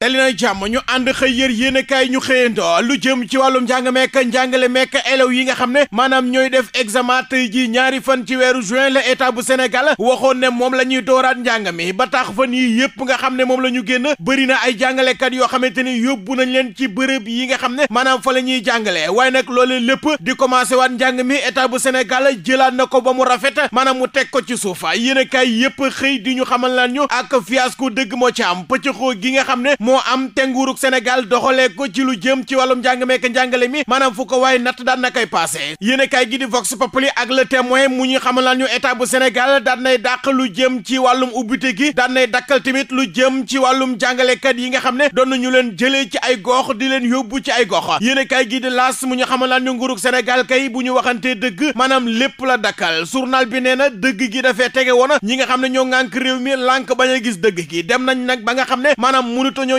te li na jàmm ñu ànd xëy yër yéenekaay ñu xëyandoo lu jëm ci wàllu njàng mekk njàngale mekk élèves yi nga xam ne maanaam ñooy def examen tey ji ñaari fan ci weeru juin la état bu Sénégal waxoon ne moom la ñuy dooraat njàng mi ba tax fan yi yëpp nga xam ne moom la ñu génn bëri na ay jàngalekat yoo xamante ni yóbbu nañ leen ci bërëb yi nga xam ne maanaam fa la ñuy jàngale waaye nag loolee lépp di commencé waat njàng mi état bu Sénégal jëlaat na ko ba mu rafet maanaam mu teg ko ci suufa yéenekaay yëpp xëy di ñu xamal laan ñu ak fiasco dëgg moo ci am pëccëxoo gi nga xam ne moo am te nguurug Sénégal doxalee ko ci lu jëm ci wàllum njàng meek njàngale mi maanaam fu ko waaye natt daan na koy passé yéen kay gi di Vox Populi ak Le Témoin mu ñu xam ñu état bu Sénégal daan nay dàq lu jëm ci wàllum ubbite gi daan nay dakkal tamit lu jëm ci wàllum jàngalekat yi nga xam ne doon nañu leen jëlee ci ay gox di leen yóbbu ci ay gox yéen kay gi di L'As mu ñu xam xamal ñu nguurug Sénégal kay bu ñu waxantee dëgg maanaam lépp la dakkal journal bi nee na dëgg gi dafee tege woon ñi nga xam ne ñoo ŋànk réew mi lànk bañ a gis dëgg gi dem nañ nag ba nga xam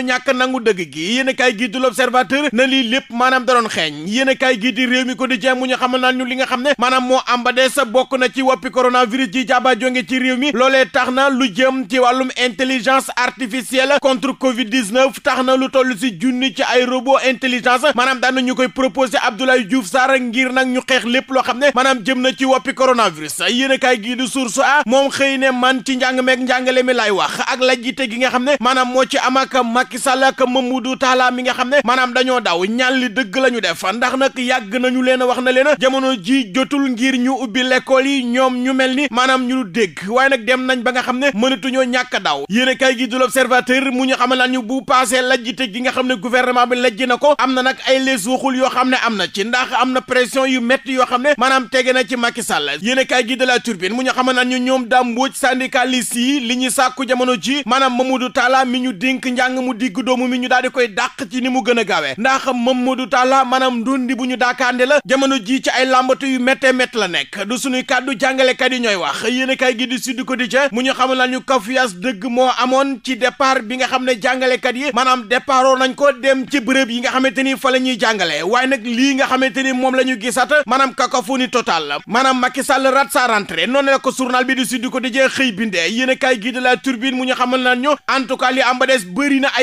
dañoo ñàkk nangu dëgg gi yéen a kaay gii du l'observateur na lii lépp maanaam da doon xeeñ yéen a kaay gii di réew mi quotidien mu ñu xamal naan ñu li nga xam ne maanaam moo amba des bokk na ci woppi coronavirus ji jaaba jonge ci réew mi loolee tax na lu jëm ci wàllum intelligence artificielle contre covid 19 tax na lu toll si junni ci ay robot intelligence maanaam daan nañu koy proposé Abdoulaye Diouf Sarr ngir nag ñu xeex lépp loo xam ne maanaam jëm na ci woppi coronavirus yéen a kaay gii di source a moom xëy ne man ci njàng meeg njàngale mi laay wax ak lajjite gi nga xam ne maanaam mag Macky Sall ak Mamadou Talla mi nga xam ne maanaam dañoo daw ñaan li dëgg la ñu def ndax nag yàgg nañu leen wax na leen jamono ji jotul ngir ñu ubbi l'école yi ñoom ñu mel ni maanaam ñu dégg waaye nag dem nañ ba nga xam ne mënatuñoo ñàkk a daw yéen a kaay gi du l'observateur mu ñu xamal la ñu bu passé lajjite gi nga xam ne gouvernement bi lajj na ko am na nag ay les waxul yoo xam ne am na ci ndax am na pression yu métti yoo xam ne maanaam tege na ci Macky Sall yéen a kaay gi de la turbine mu ñu xamal la ñu ñoom daa mbóoj syndicaliste yi li ñu sàkku jamono ji maanaam Mamadou Talla mi ñu dénk njàng mu digg doomu mi ñu daal di koy dàq ci ni mu gën a gaawee ndax Mamadou Talla maanaam ndundi bu ñu daakaande la jamono ji ci ay làmbatu yu méttee métt la nekk du suñuy kàddu jàngalekat yi ñooy wax yéen a kaay gi di Sud Quotidien mu ñu xamal nañu kafuyaas dëgg moo amoon ci départ bi nga xam ne jàngalekat yi maanaam départoo nañ ko dem ci bërëb yi nga xamante ni fa la ñuy jàngale waaye nag lii nga xamante ni moom la ñu gisat maanaam cacophonie totale la maanaam Macky Sall rat sa ko journal bi di Sud Quotidien xëy bindee a kaay gi de la turbine mu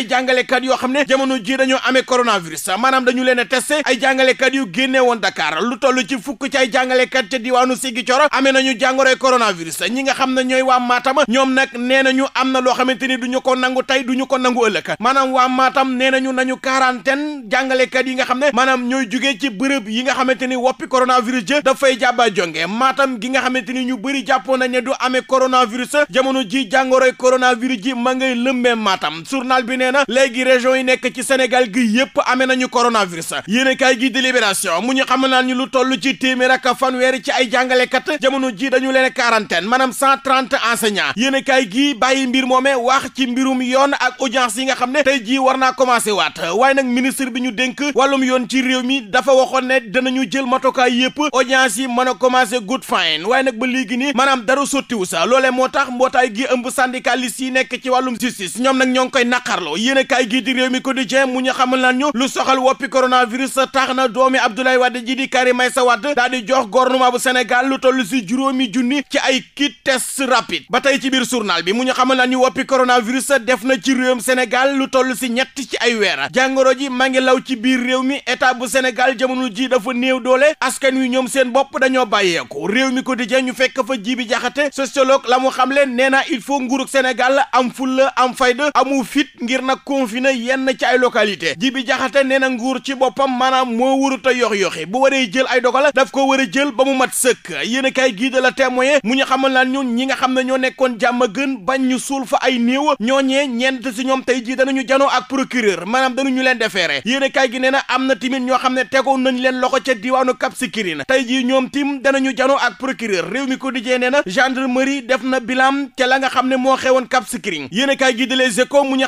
jàngalekat yoo xam ne jamono ji dañoo amee coronavirus maanaam dañu leen a testé ay jàngalekat yu génnee woon Dakar lu toll ci fukk ci ay jàngalekat ca diwaanu Ziguinchor amee nañu jàngoroy coronavirus ñi nga xam ne ñooy waa Matam ñoom nag nee nañu am na loo xamante ni du ñu ko nangu tey du ñu ko nangu ëllëg maanaam waa Matam nee nañu nañu quarantaine jàngalekat yi nga xam ne maanaam ñooy jugee ci bërëb yi nga xamante ni woppi coronavirus jë dafay jàbba jonge Matam nga xamante ni ñu bëri jàppoon nañ ne du amee coronavirus jamono ji jàngoroy coronavirus ji ma ngay lëmbee Matam journal bi nee na léegi région yi nekk ci Sénégal gi yépp amee nañu coronavirus yéen a kaay gi délibération mu ñu xamal naa ñu lu toll ci téeméer ak fanweeri ci ay jàngale kat jamono ji dañu leen quarantaine maanaam cent trente enseignants yéen a kaay gi bàyyi mbir moomee wax ci mbirum yoon ak audience yi nga xam ne tey jii war naa commencé waat waaye nag ministre bi ñu dénk wàllum yoon ci réew mi dafa waxoon ne danañu jël matukaay yépp audience yi mën a commencé good fine waaye nag b léegi nii maanaam dara sottiwu sa loolee moo tax mbootaay gi ëmb syndicaliste yi nekk ci wàllum justice ñoom nag ñoo ngi koy naqarloo yéen a kaay gii di réew mi quotidien mu ñu xamal lan ñu lu soxal woppi sa tax na doomi Abdoulaye Wade ji di Karim Meïssa sa daal di jox gouvernement bu Sénégal lu toll si juróomi junni ci ay kit test rapide ba tey ci biir journal bi mu ñu xam xamal lan ñu woppi sa def na ci réewum Sénégal lu toll si ñett ci ay weera jàngoro ji maa ngi law ci biir réew mi état bu Sénégal jamono ji dafa néew doole askan wi ñoom seen bopp dañoo bàyyeeku réew mi quotidien ñu fekk fa jibi jaxate sociologue la mu xamle nee na il faut nguurug Sénégal am fulla am fayda amu fit ngir nag confiné yenn ci ay localité jibi jaxata nee na nguur ci boppam maanaam moo wurut a yox-yoxi bu waree jël ay dogal daf ko war a jël ba mu mat sëkk yéen a kaay gii de la témoin mu ñu xamal naan ñun ñi nga xam ne ñoo nekkoon jàmm gën bañ ñu suul fa ay néew ñooñee ñeent si ñoom tey jii danañu janoo ak procureur maanaam ñu leen defeere yéen a kaay gi nee na am na timit ñoo xam ne tegoon nañ leen loxo ca diwaanu Cap Skirring tey jii ñoom tim danañu janoo ak procureur réew mi quotidien nee na gendarmerie def na bilam ca la xam ne moo xewoon a kaay gii de les échos ñu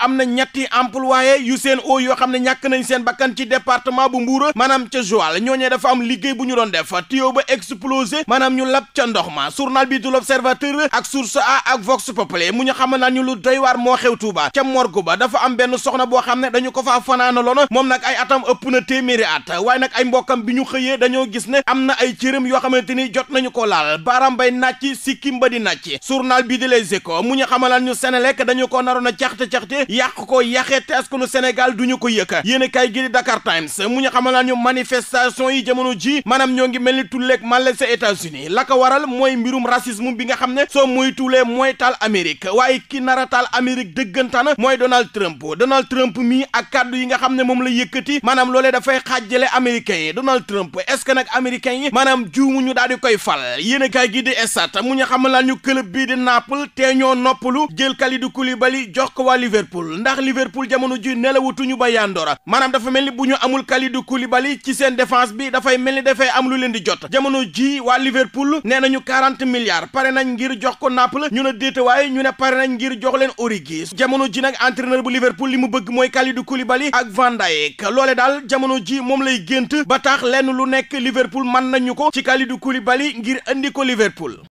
am na ñetti employé yu seen o yoo xam ne ñàkk nañ seen bakkan ci département bu Mbour maanaam ca Joal ñooñee dafa am liggéey bu ñu doon def tuyau ba explosé maanaam ñu lab ca ndox ma journal bi du l'Observateur ak Source A ak Vox Populi mu ñu xamal naa ñu lu doy waar moo xew Touba ca morgue ba dafa am benn soxna boo xam ne dañu ko fa faa fanaanaloon moom nag ay atam ëpp na téeméeri at waaye nag ay mbokkam bi ñu xëyee dañoo gis ne am na ay cëram yoo xamante ni jot nañu ko laal baaraam bay nàcc sikkim ba di nàcc journal bi di Les Échos mu ñu xamalaan ñu Senelec dañu ko naroon a caxte caxte yàq ko yaxeete askanu Sénégal du ñu ko yëkk yéen kay gi di Dakar Times mu ñu xamal ñu manifestation yi jamono ji maanaam ñoo ngi mel ni tulleeg male sa États-Unis la waral mooy mbirum racisme bi nga xam ne soo muy tulee mooy taal Amérique waaye ki nar a taal Amérique dëggantaan mooy Donald Trump Donald Trump mii ak kàddu yi nga xam ne moom la yëkkati maanaam loole dafay xaajale américains yi Donald Trump est-ce que nag américains yi maanaam juumu ñu daal di koy fal yéen kay gi di mu ñu xamal ñu club bii di Naples te ñoo noppalu jël Kalidou Koulibaly jox ko waa Liverpool ndax Liverpool jamono ji nelawutuñu ba yandoora maanaam dafa mel ni bu ñu amul kuli bali ci seen défense bi dafay mel ni dafay am lu leen di jot jamono ji waa Liverpool nee nañu 40 milliards pare nañ ngir jox ko Naples ñu ne déet waaye ñu ne pare nañ ngir jox leen Origi jamono ji nag entraîneur bu Liverpool li mu bëgg mooy Kalidou Koulibaly ak Van Dijk loole daal jamono ji moom lay gént ba tax lenn lu nekk Liverpool mën nañu ko ci Kalidou Koulibaly ngir andi ko Liverpool